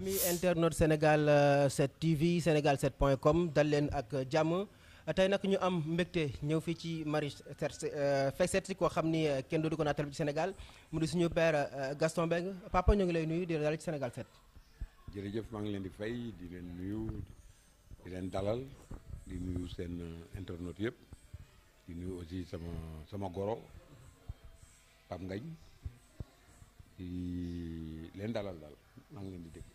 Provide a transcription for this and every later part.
ami internaute Sénégal 7 euh, TV Sénégal 7 point com dal leen ak jàmm tey nag ñu am mbégte ñëw fii ci Marie euh, fekk si koo xam ni euh, kenn du ko naatal ci Sénégal mu di suñu père Gaston Mbengue papa ñoo ngi lay nuyu di la dalal jërëjëf maa ngi leen di fay di leen nuyu di leen dalal di nuyu seen internaute yëpp di nuyu aussi sama sama goro Pape Ngagne leen dalal dal maa ngi leen di dégg.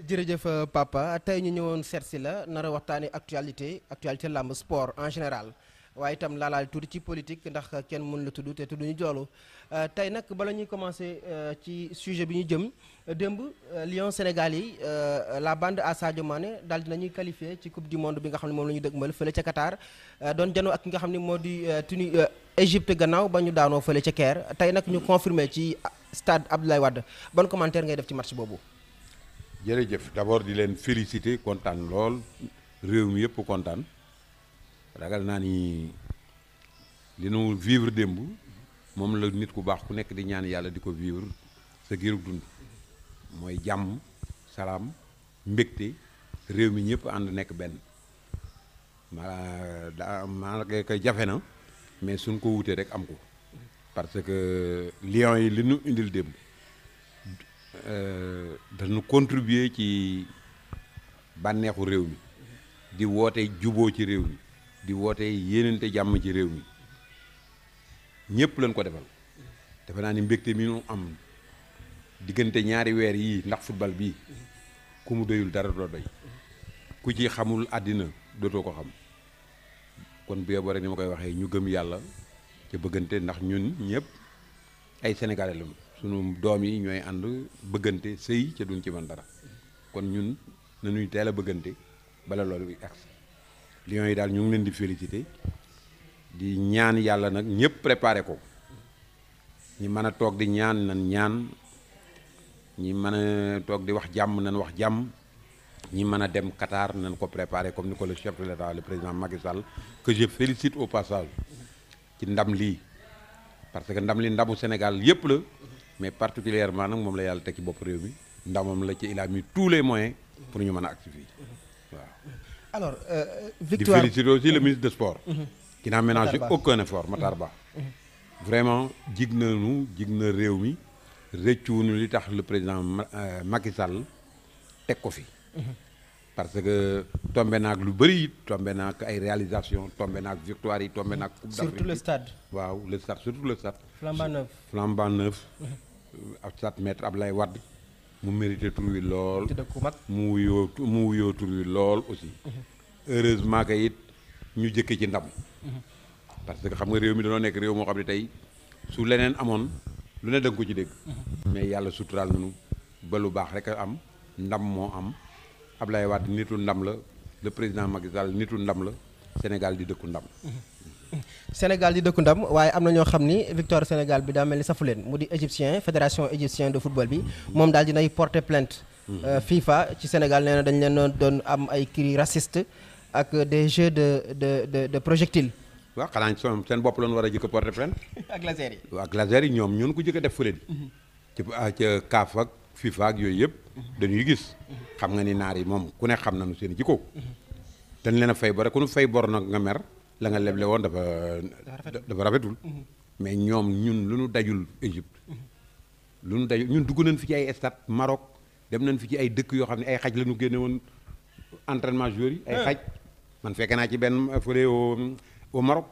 jërëjëf euh, papa tey ñu ñëwoon seet si la nar a waxtaanee actualité actualité làmb sport en général waaye itam laalaal tuuti ci politique ndax kenn mën la tudd te tudd ñu joolu euh, tey nag bala ñuy commencé euh, ci sujet bi ñu jëm démb Lion Sénégal yi la bande à Sadio Mané daal nañuy qualifié ci coupe du monde bi nga xam ne moom la ñu dëgmal fële ca Qatar doon janoo ak ki nga xam ni moo di tuni Égypte gannaaw ba ñu daanoo fële ca Caire tey nag ñu confirmé ci stade Abdoulaye Wade ban commentaire ngay def ci match boobu. jërëjëf d'abord di leen féliciter kontaan lool réew mi yëpp kontaan ragal naa ni li nu vivre démb moom la nit ku baax ku nekk di ñaan yàlla di ko vivre sa giirug dund mooy jàmm salaam mbégte réew mi ñëpp ànd nekk benn ma daa ma ko jafe na mais suñ ko wutee rek am ko parce que lion yi li nu indil démb Euh, dañu contribuer ci bànneexu réew mi di woote juboo ci réew mi di woote yéenante jàmm ci réew mi ñëpp lañ ko defal defe naa ni mbégte mi ñu am diggante ñaari weer yii ndax futbal bii ku mu doyul dara doo doy ku ci xamul àddina dootoo ko xam kon bu yeboo rek ni ma koy waxee ñu gëm yàlla ci bëggante ndax ñun ñëpp ay sénégalais sunu doom yi ñooy ànd bëggante sëy ca duñ ci mën dara kon ñun nañuy teel a bëggante bala loolu bi agsi lions yi daal ñu ngi leen di félicité di ñaan yàlla nag ñëpp préparé ko ñi mën a toog di ñaan nan ñaan ñi mën a toog di wax jàmm nan wax jàmm ñi mën a dem Qatar nan ko préparé comme ni ko le chef de l'État le président Macky Sall que je félicite au passage ci ndam lii parce que ndam li ndamu Sénégal yëpp la mais particulièrement nag moom la yàlla teg ci bopp réew mi moom la ci il a tous les moyens pour ñu mën a activer waaw. alors euh, victoire di féliciter aussi le ministre de sport. Mm-hmm. qui n'a ménagé aucun effort Matar Ba. Mm-hmm. Mm-hmm. vraiment jig nañu jig na réew mi rëccuwuñu li tax le président euh, Macky Sall teg ko fi. parce que tombé naag lu bëri it tombé naag ay réalisation tombé naag victoire yi tombé naag. coupe d'Afrique surtout le stade. waaw le stade le stade. flambant neuf flambant neuf. ak sat lay Ablaye mu mérité tur wi lool. mu wuyoo mu wuyoo wi lool aussi. heureusement que it ñu jëkkee ci ndam. parce que xam nga réew mi dañoo nekk réew moo xam ne tey su leneen amoon lu ne da nga ko ci dégg. mais yàlla suturaal nañu ba lu baax rek am ndam moo am Ablaye Wade nitu ndam la le président Macky Sall nitu ndam la Sénégal di dëkku ndam. Sénégal di dëkku ndam waaye am na ñoo xam ni victoire Sénégal bi daa mel ni safu leen mu di égyptien fédération égyptienne de football bi moom daal dinay porter plainte mhm. euh, FIFA ci Sénégal nee na dañ leen doon am ay cri raciste ak des jeux de de de de projectiles waaw xanaa son seen bopp loon war a jëkk porter plainte ak laser yi ak laser yi ñoom ñun ko jëkk a def fële mhm. ci ah, ca CAF ak FIFA ak yooyu yëpp mhm. dañuy gis xam nga ni naar yi moom ku ne xam nañu seen jikko dañ leen fay bor ku fay bor nag nga la nga leble woon dafa dafa rafetul mm-hmm. mais ñoom ñun lu ñu dajul Égypte mm-hmm. lu ñu dajul ñun dugg nañ fi ci ay stade Maroc dem nañ fi ci ay dëkk yoo xam ne ay xaj la ñu génne woon entraînement joueurs yi ay eh. xaj man fekke naa ci benn fële au Maroc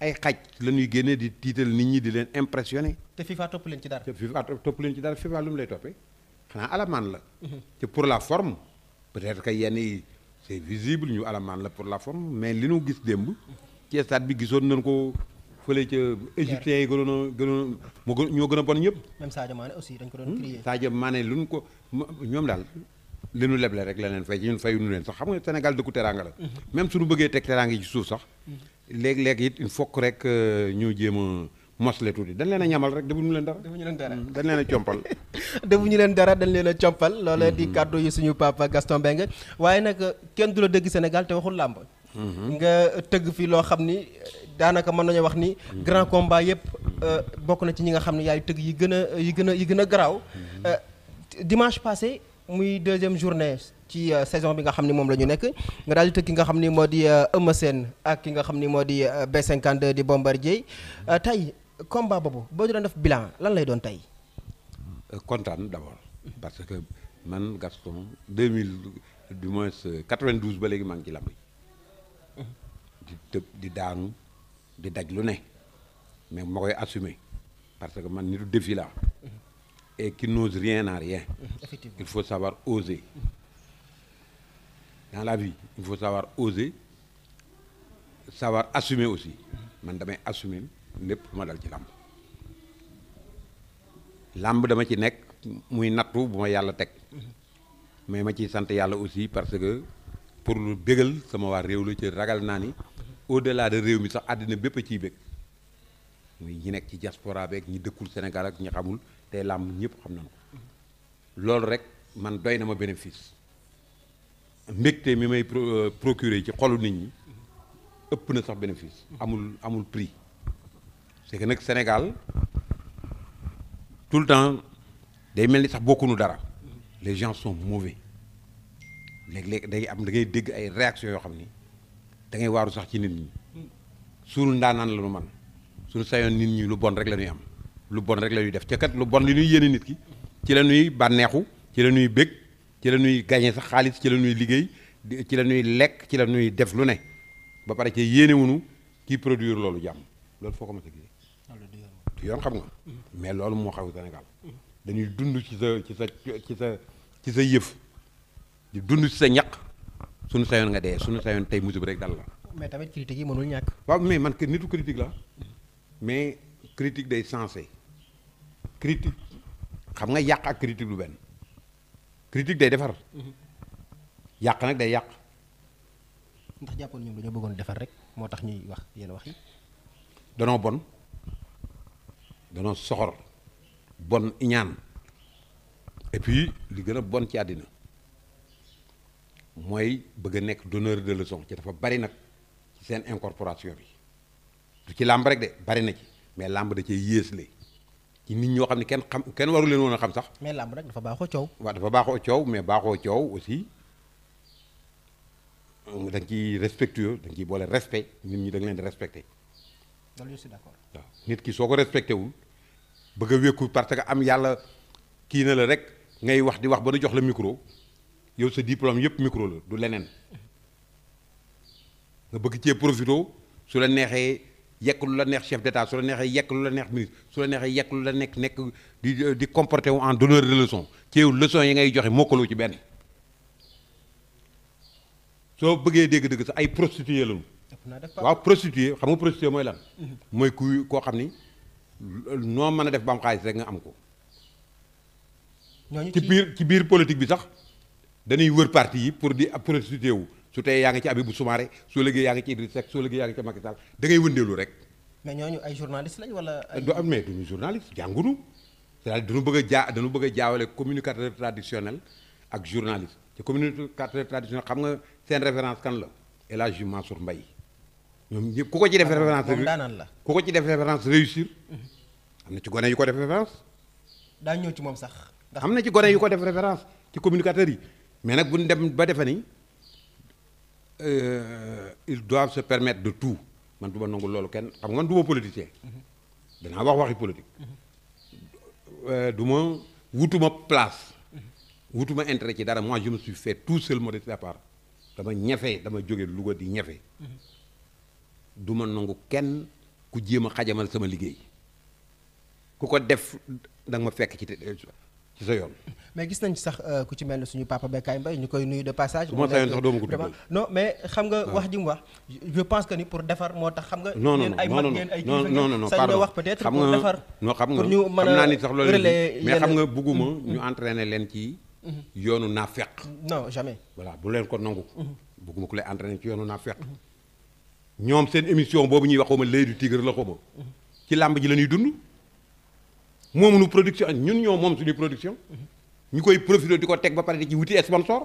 ay xaj la ñuy génne di tiital nit ñi di leen impressionné te FIFA topp leen ci dara te topp leen ci dara FIFA lu mu lay toppee xanaa alamaan la mm-hmm. te pour la forme peut ka yenn yi c'est visible ñu alamaan la pour la forme mais li nu gis démb ci bi gisoon nañ ko fële ca égyptiens yi gënoon a gënoon moo ñoo gën a bon ñëpp. même Sadio Mané aussi dañ ko hmm? lu ñu ko ñoom daal li nu leble rek la leen fay ñun fayu nu leen sax xam nga Sénégal dëkku teraanga la. Hmm. même suñu bëggee teg teraanga yi ci suuf sax. Hmm. léeg-léeg it il faut rek euh, ñu jéem mosle tuuti dañ leen a ñamal rek defuñu leen dara. defuñu leen dara dañ leen a compal. defuñu leen dara dañ leen a compal. loolee di mm-hmm. kàddu yi suñu papa Gaston Mbengue waaye nag kenn du la dëgg Sénégal te waxul làmb. Mm-hmm. nga tëgg fi loo xam ni daanaka mën nañu wax ni. Mm-hmm. grand combat yëpp euh, bokk na ci ñi nga xam ne yaay tëgg yi gën a yi gën a gën a garaaw. Euh, dimanche passé muy deuxième journée. ci euh, saison bi nga xam ni moom la ñu nekk nga daal tëgg ki nga xam ni moo di Eumeu seen ak ki nga xam ni moo di B52 di Bombardier tey combat boobu boo doon def bilan lan lay doon tey. Euh, kontaan d'abord parce que man Gaston 2000 du moins 92 euh, ba léegi maa ngi ci di tëb di daanu di daj lu ne mais ma koy assumer parce que man nitu défi la et qui rien n'a rien. il faut savoir oser. dans la vie il faut savoir oser savoir assumer aussi man damay assumer. lépp ma dal ci làmb làmb dama ci nekk muy nattu bu ma yàlla teg mais ma ciy sant yàlla aussi parce que pour lu bégal sama waa réew la ci ragal naa ni au delà de réew mi sax àddina bépp a ciy bég muy ñi nekk ci diaspora beeg ñi dëkkul Sénégal ak ñi xamul tey làmb ñëpp xam nañu ko loolu rek man doy na ma bénéfice mbégte mi may euh, procuré ci xolu nit ñi ëpp na sax bénéfice amul amul prix c'est nag Sénégal tout le temps day mel ni sax bokkunu dara les gens sont mauvais léeg-léeg day am dangay ngay dégg ay réactions yoo xam ni da ngay waaru sax ci nit ñi suul ndaanaan la nu man suñu sayoon nit ñi lu bon rek la ñuy am lu bon rek la ñuy def ca kat lu bon li ñuy yéene nit ki ci la ñuy bànneexu ci la ñuy bëgg ci la ñuy gagné sax xaalis ci la ñuy liggéey ci la ñuy lekk ci la ñuy def lu ne ba pare ci yéenewunu kii produit loolu jàmm loolu foo ko mos yoon xam nga mais loolu moo xaw Sénégal dañuy dund ci sa ci sa ci sa ci sa yëf di dund ci sa ñaq suñu sayoon nga dee suñu sayoon tey bi rek dal la mais tamit critique yi mënul ñàkk waaw mais man nitu critique la mais critique day sensé critique xam nga yàq ak critique lu benn critique day defar yàq nag day yàq ndax jàppoon ñoom dañoo bëggoon defar rek moo tax ñuy wax yenn wax yi danoo bon danoo soxor bon iñaan et puis li gën a bon ci àddina mooy bëgg a nekk donneur de leçon ci dafa bari nag ci seen incorporation bi du ci làmb rek de bari na ci mais làmb da cee yéesle ci nit ñoo xam ne kenn xam kenn waru leen woon a xam sax. mais làmb rek dafa baaxoo coow. waaw dafa baaxoo coow mais baaxoo coow aussi da nga ciy respectueux da nga ciy boole respect nit ñi da leen di respecté. loolu je suis d'accord waaw nit ki soo ko respecté wul bëgg a wékku parce que am yàlla kii na la rek ngay wax di wax ba nu jox la micro yow sa diplôme yëpp micro la du leneen nga bëgg cee profité su la neexee yekk lu la neex chef d'état su la neexee yekk lu la neex ministre su la neexee yekk lu la nekk nekk di di comporté wu en donneur de leçon ci yow leçon yi ngay joxe mokkaloo ci benn soo bëggee dégg-dëgg sax ay prostitué lañu waaw prostituée xam nga prostituée mooy lan. mooy kuy koo xam ni noo mën a def ba xaalis rek nga am ko. ci biir ci biir politique bi sax dañuy wër parti yi pour di prostitué wu su tey yaa ngi ci Abibou Soumaré soo liggéey yaa ngi ci Idriss Seck soo liggéey yaa ngi ci Macky Sall da ngay wëndeelu rek. mais ñooñu ay journaliste lañ wala. du am mais duñu journaliste jàngunu cest à bëgg a jaa dañu bëgg a jaawale communicateur traditionnel ak journaliste te communicateur traditionnel xam nga seen référence kan la El Hadji Mansour ñoom ñëpp ku ko ci def ah, référence la koo ko ci def référence réussir am na ci gone yu ko def référence daa ñëw ci moom sax ndax am na ci gone yu ko def référence ci communicateurs yi mais nag bu ñu dem ba defe nii euh, ils doivent se permettre de tout man du ma nangu loolu kenn xam nga du ma politicien mhm. danaa wax waxi politique mhm. euh, du ma wutuma place wutuma intérêt ci dara moi je me suis fait tout seul modeste à part dama ñefe dama jóge Louga di ñefe mhm. du ma nangu kenn ku jéem a xajamal sama liggéey ku ko def danga ma fekk ci ci sa yoon. mais gis nañ sax euh, ku ci mel ne suñu papa Bécaye Mbaye ñu koy nuyu de passage. moo tax sax doo ma ko tuddal non mais xam nga ah. wax ji mu wax. je pense que ni pour defar moo tax xam nga. non non ay mag ngeen ay kilifa ngeen sañ nga wax peut-être pour defar. non xam nga xam naa ni sax loolu mais xam nga bugguma mm-hmm. ñu entraîner leen ci. Mm-hmm. yoonu naafeq. non jamais. voilà bu leen ko nangu. Mm-hmm. bugguma ku lay entraîner ci yoonu naafeq. ñoom seen émission boobu ñuy waxuma l'œil du tigre la xoba ci làmb ji la ñuy dund moomuñu production ñun ñoo moom suñuy production ñu koy profité di ko teg ba pare di ci wuti sponsor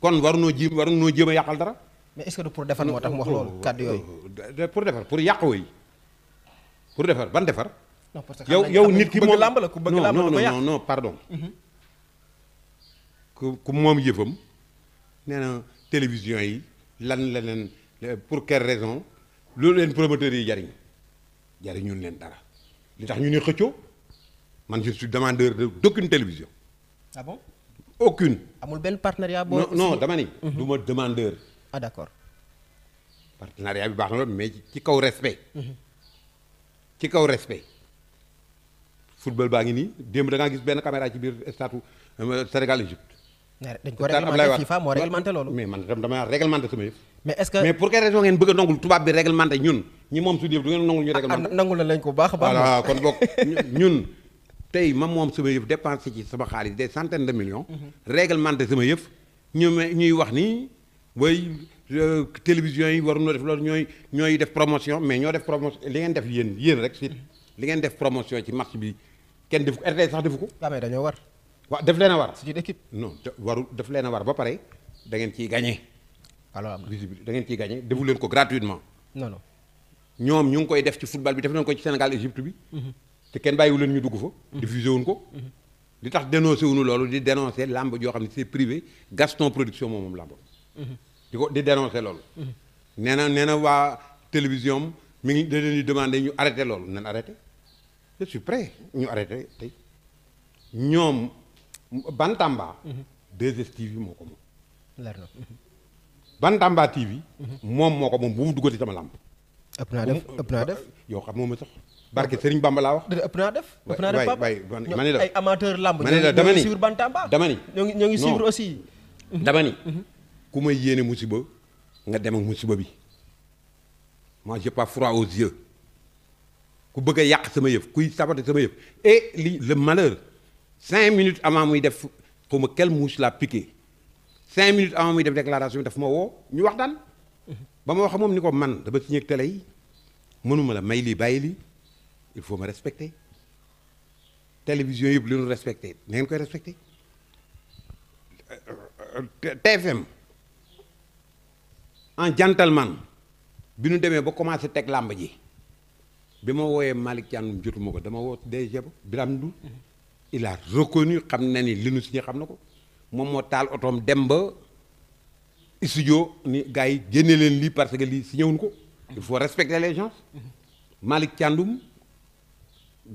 kon waruñoo ji waruñoo jéem a yàqal dara mais est-ce que pour defar moo tax mu wax loolu euh, kàddu yooyu euh, euh, pour defar yàq yi pour defar ban defar yow yow nit ki moom làmb la ku bëgg làmb la ko yàq non non pardon mhm. ku ku moom yëfam nee télévision yi lan la pour quelle raison loolu leen promoteurs yi jariñ jariñu leen dara li tax ñu ne xëccoo man je suis demandeur de d'aucune télévision. ah amul benn partenariat boo. non dama ni. Mhm. du ma demandeur. ah d'accord. partenariat bi baax na lool mais ci kaw respect. Mhm. ci kaw respect. football baa ngi nii démb da ngaa gis benn caméra ci biir stade euh, Sénégal Égypte. dañ ko réglementé FIFA moo réglementé loolu. mais man dama réglementé sama yëf. mais est-ce que mais pour quelle raison ngeen bëgg a nangul tubaab bi réglementé ñun ñi moom ah, ah, ko baax a baax. voilà kon boog ñun tey ma moom sama yëf dépensé ci sama xaalis des centaines de millions. Mhm. réglementé sama yëf ñu ñuy wax ni way euh, télévision yi waruñoo def loolu ñooy ñooy def promotion mais ñoo def promotion li ngeen def yéen yéen rek si mhm. li ngeen def promotion ci marché bi kenn def ko RTS waaw daf leen a war. c'est une équipe non waru leen war ba pare da ngeen ciy gagné. alors da ngeen ciy gagné defu leen ko gratuitement. non non ñoom ñu ngi koy def ci football bi def nañu ko ci Sénégal Égypte bi. Mhm. te kenn bàyyiwu leen ñu dugg fa. Mhm. diffusé wuñ ko. Mhm. li tax dénoncé wuñu loolu di dénoncé làmb joo xam ne c'est privé Gaston Production moom moom làmb. di ko di dénoncé loolu. nee na nee na waa télévision mi ngi da leen di demandé ñu arrêté loolu nan arrêté je suis prêt ñu arrêté tey ñoom. Bantamba. 2STV mhm. moo ko moom. leer na Bantamba TV. moom moo ko moom bu mu duggati sama làmp. ëpp naa def ëpp naa def. yow xam moom ma sax barke Serigne Bamba laa wax. ëpp naa def. ëpp la ay amateur làmb. man la ñoo ngi suivre Bantamba. dama ni ñoo ngi ñoo aussi. dama ni. Mhm. ku may yéene musiba nga dem ak musiba bi. ma j'ai pas froid aux yeux. ku bëgg a yàq sama yëf kuy saboter sama yëf et li le malheur. cinq minutes avant muy def xaw ma quelle mouche la piqué cinq minutes avant muy def déclaration bi daf ma woo ñu wax waxtaan ba ma wax moom ni ko man dama ci ñëg yi mënuma la may lii bàyyi lii il faut ma respecter télévision yëpp li ñu respecté na ngeen koy respecté TFM en gentleman bi nu demee ba commencé teg làmb ji bi ma wooyee Malick Thiandoum jotuma ko dama woo DG ba Birame Ndour il a reconnu xam na ni li nu signé xam na ko moom moo taal otoom dem ba studio ni gars yi génne leen lii parce que lii si wuñ ko il faut respecter les gens Malick Thiandoum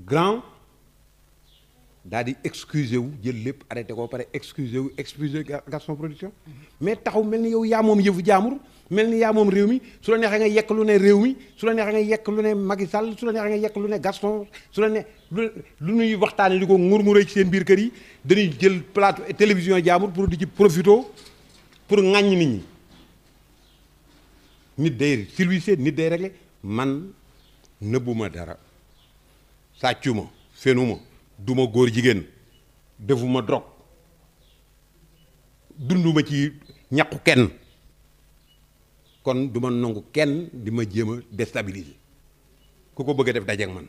grand daal di excusé wu jël lépp arrêté ko pare excusé wu excusé Gaston Production mais taxaw mel ni yow yaa moom yëfu jaamur mel ni yaa moom réew mi su la neexee nga yekk lu ne réew mi su la nga yekk lu ne Macky Sall su la neexee nga yekk lu ne Gaston su la ne lu ñuy waxtaanee di ko ngurnguree ci seen biir kër yi dañuy jël plateau télévision jaamur pour di ci profito pour ŋàññ nit ñi nit day service nit day man nëbbuma dara sàccuma fenuma duma góor jigéen defuma drogue dunduma ci ñaqu kenn kon duma nangu kenn di ma jéem a déstabiliser ku ko bëgg a def dajeeg man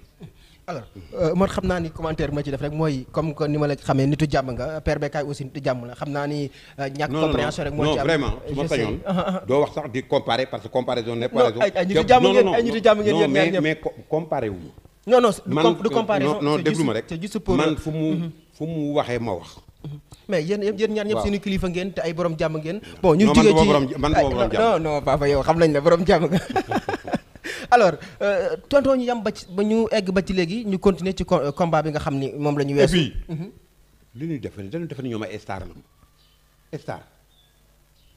alors euh, man xam naa ni commentaire ma ci def rek mooy comme que ni ma la xamee nitu jàmm nga père Bécaye aussi nitu jàmm la xam naa ni. Euh, ñàkk compréhension rek moo ci am doo wax sax di comparer parce que comparaison n'est ay nitu jàmm ngeen ay jàmm ngeen yéen mais mais comparé non non du euh, comparaison non déglu ma rek c'est juste pour man euh, fu mu mm-hmm. fu mu waxee ma wax. Mm-hmm. mais yéen yéen ñaar ñëpp seeni kilifa ngeen te ay borom jàmm ngeen. bon ñu jógee ci man non non papa yow xam nañ la jàmm nga. alors euh, tonton ñu yam ba ci ba ñu egg ba ci léegi ñu continuer ci combat bi nga xam ni moom la ñu. weesu et puis mm-hmm. li ñuy def dañu def ni ñoom ay star la star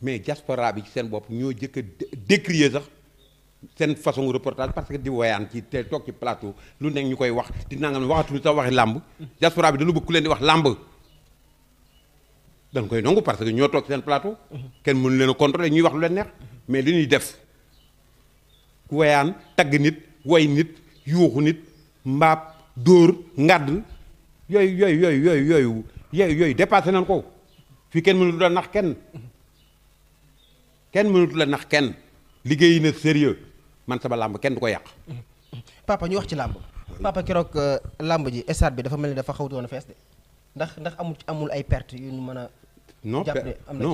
mais diaspora bi ci seen bopp ñoo jëkk a décrier sax. seen façon reportage parce que di woyaan ci te toog ci plateau lu nekk ñu koy wax di nangam waxatuñu sax waxi làmb diaspora bi dañu bëgg ku leen wax làmb dañ koy nangu parce que ñoo toog seen plateau kenn mënu leen a ñuy wax lu leen neex mais li ñuy def woyaan tagg nit woy nit yuuxu nit mbaab dóor ngàdd yoyu yooyu yoyu yooyu yooyu yooyu yooyu dépassé nañ ko fii kenn mënut la nax kenn kenn mënut la nax kenn liggéey na sérieux man sama làmb kenn du ko yàq. papa ñu wax ci làmb. papa keroog euh, làmb ji stade bi dafa mel ni dafa xawtoon a fees de ndax ndax amul amul ay perte yu ñu mën a. non jàpp ne am na